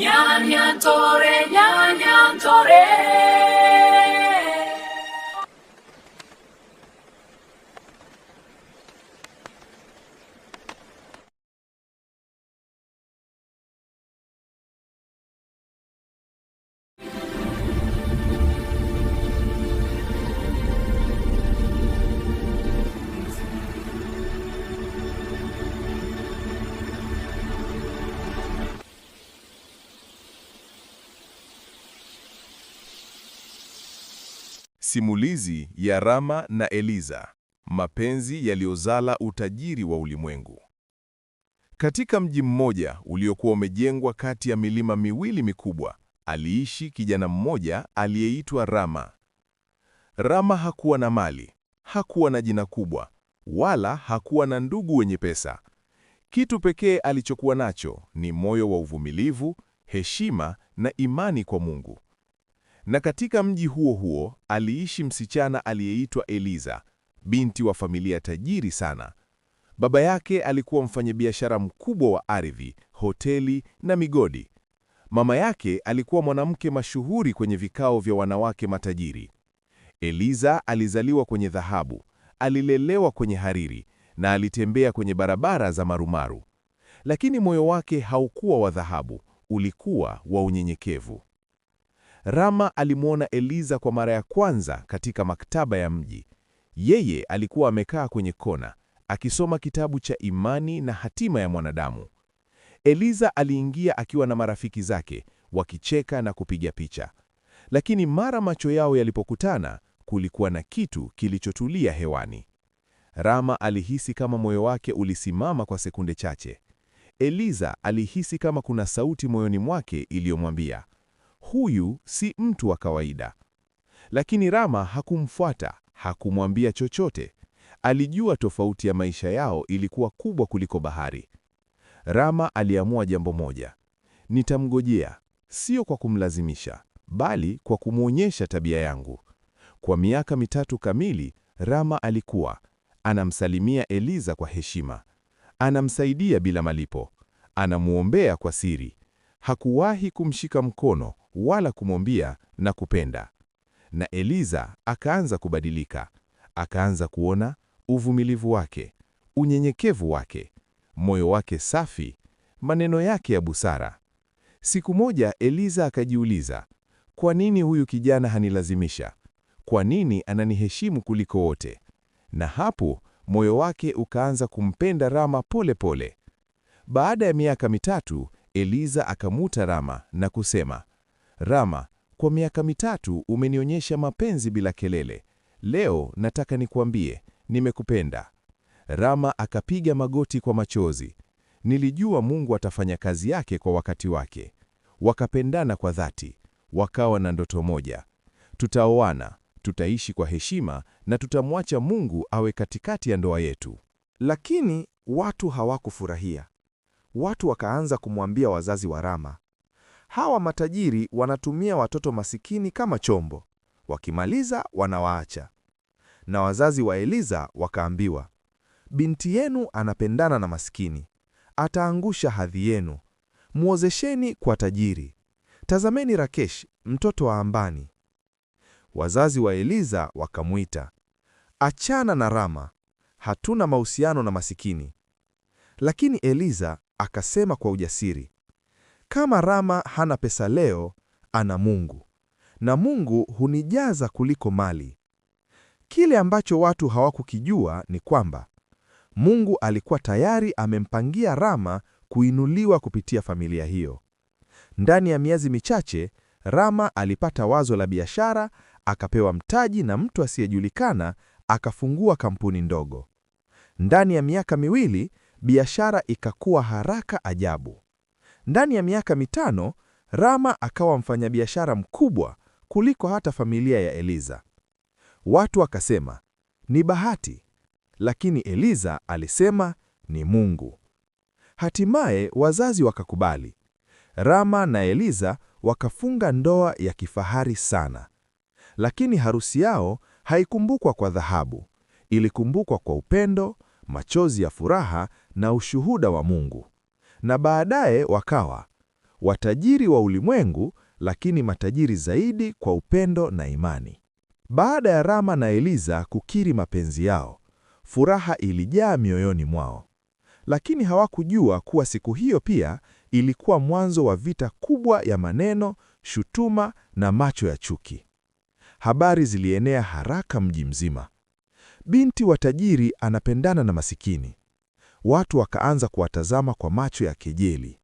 Nyanyantore, nyanyantore Simulizi ya Rama na Eliza, mapenzi yaliyozala utajiri wa ulimwengu. Katika mji mmoja uliokuwa umejengwa kati ya milima miwili mikubwa, aliishi kijana mmoja aliyeitwa Rama. Rama hakuwa na mali, hakuwa na jina kubwa, wala hakuwa na ndugu wenye pesa. Kitu pekee alichokuwa nacho ni moyo wa uvumilivu, heshima na imani kwa Mungu. Na katika mji huo huo aliishi msichana aliyeitwa Eliza, binti wa familia tajiri sana. Baba yake alikuwa mfanyabiashara mkubwa wa ardhi, hoteli na migodi. Mama yake alikuwa mwanamke mashuhuri kwenye vikao vya wanawake matajiri. Eliza alizaliwa kwenye dhahabu, alilelewa kwenye hariri na alitembea kwenye barabara za marumaru. Lakini moyo wake haukuwa wa dhahabu, ulikuwa wa unyenyekevu. Rama alimwona Eliza kwa mara ya kwanza katika maktaba ya mji. Yeye alikuwa amekaa kwenye kona, akisoma kitabu cha Imani na Hatima ya Mwanadamu. Eliza aliingia akiwa na marafiki zake, wakicheka na kupiga picha. Lakini mara macho yao yalipokutana, kulikuwa na kitu kilichotulia hewani. Rama alihisi kama moyo wake ulisimama kwa sekunde chache. Eliza alihisi kama kuna sauti moyoni mwake iliyomwambia, huyu si mtu wa kawaida. Lakini Rama hakumfuata, hakumwambia chochote. Alijua tofauti ya maisha yao ilikuwa kubwa kuliko bahari. Rama aliamua jambo moja: nitamgojea sio kwa kumlazimisha, bali kwa kumwonyesha tabia yangu. Kwa miaka mitatu kamili, Rama alikuwa anamsalimia Eliza kwa heshima, anamsaidia bila malipo, anamwombea kwa siri. Hakuwahi kumshika mkono wala kumwambia na kupenda. Na Eliza akaanza kubadilika, akaanza kuona uvumilivu wake, unyenyekevu wake, moyo wake safi, maneno yake ya busara. Siku moja Eliza akajiuliza, kwa nini huyu kijana hanilazimisha? Kwa nini ananiheshimu kuliko wote? Na hapo moyo wake ukaanza kumpenda Rama pole pole. Baada ya miaka mitatu, Eliza akamuta Rama na kusema, Rama, kwa miaka mitatu umenionyesha mapenzi bila kelele. Leo nataka nikuambie, nimekupenda. Rama akapiga magoti kwa machozi. Nilijua Mungu atafanya kazi yake kwa wakati wake. Wakapendana kwa dhati, wakawa na ndoto moja. Tutaoana, tutaishi kwa heshima na tutamwacha Mungu awe katikati ya ndoa yetu. Lakini watu hawakufurahia. Watu wakaanza kumwambia wazazi wa Rama, Hawa matajiri wanatumia watoto masikini kama chombo, wakimaliza wanawaacha. Na wazazi wa Eliza wakaambiwa, binti yenu anapendana na masikini, ataangusha hadhi yenu, muozesheni kwa tajiri. Tazameni Rakesh, mtoto wa Ambani. Wazazi wa Eliza wakamwita, achana na Rama, hatuna mahusiano na masikini. Lakini Eliza akasema kwa ujasiri, kama Rama hana pesa leo, ana Mungu, na Mungu hunijaza kuliko mali. Kile ambacho watu hawakukijua ni kwamba Mungu alikuwa tayari amempangia Rama kuinuliwa kupitia familia hiyo. Ndani ya miezi michache, Rama alipata wazo la biashara, akapewa mtaji na mtu asiyejulikana, akafungua kampuni ndogo. Ndani ya miaka miwili, biashara ikakuwa haraka ajabu. Ndani ya miaka mitano, Rama akawa mfanyabiashara mkubwa kuliko hata familia ya Eliza. Watu wakasema ni bahati, lakini Eliza alisema ni Mungu. Hatimaye wazazi wakakubali. Rama na Eliza wakafunga ndoa ya kifahari sana, lakini harusi yao haikumbukwa kwa dhahabu, ilikumbukwa kwa upendo, machozi ya furaha na ushuhuda wa Mungu na baadaye wakawa watajiri wa ulimwengu, lakini matajiri zaidi kwa upendo na imani. Baada ya Rama na Eliza kukiri mapenzi yao, furaha ilijaa mioyoni mwao, lakini hawakujua kuwa siku hiyo pia ilikuwa mwanzo wa vita kubwa ya maneno, shutuma na macho ya chuki. Habari zilienea haraka mji mzima: binti wa tajiri anapendana na masikini, Watu wakaanza kuwatazama kwa macho ya kejeli.